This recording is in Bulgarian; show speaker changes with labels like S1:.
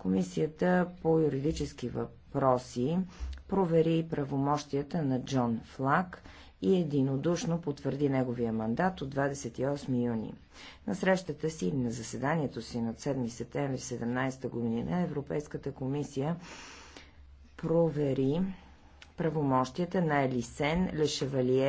S1: Комисията по юридически въпроси провери правомощията на Джон Флак и единодушно потвърди неговия мандат от 28 юни. На срещата си и на заседанието си на 7 септември 2017 година Европейската комисия провери правомощията на Елисен Лешевалие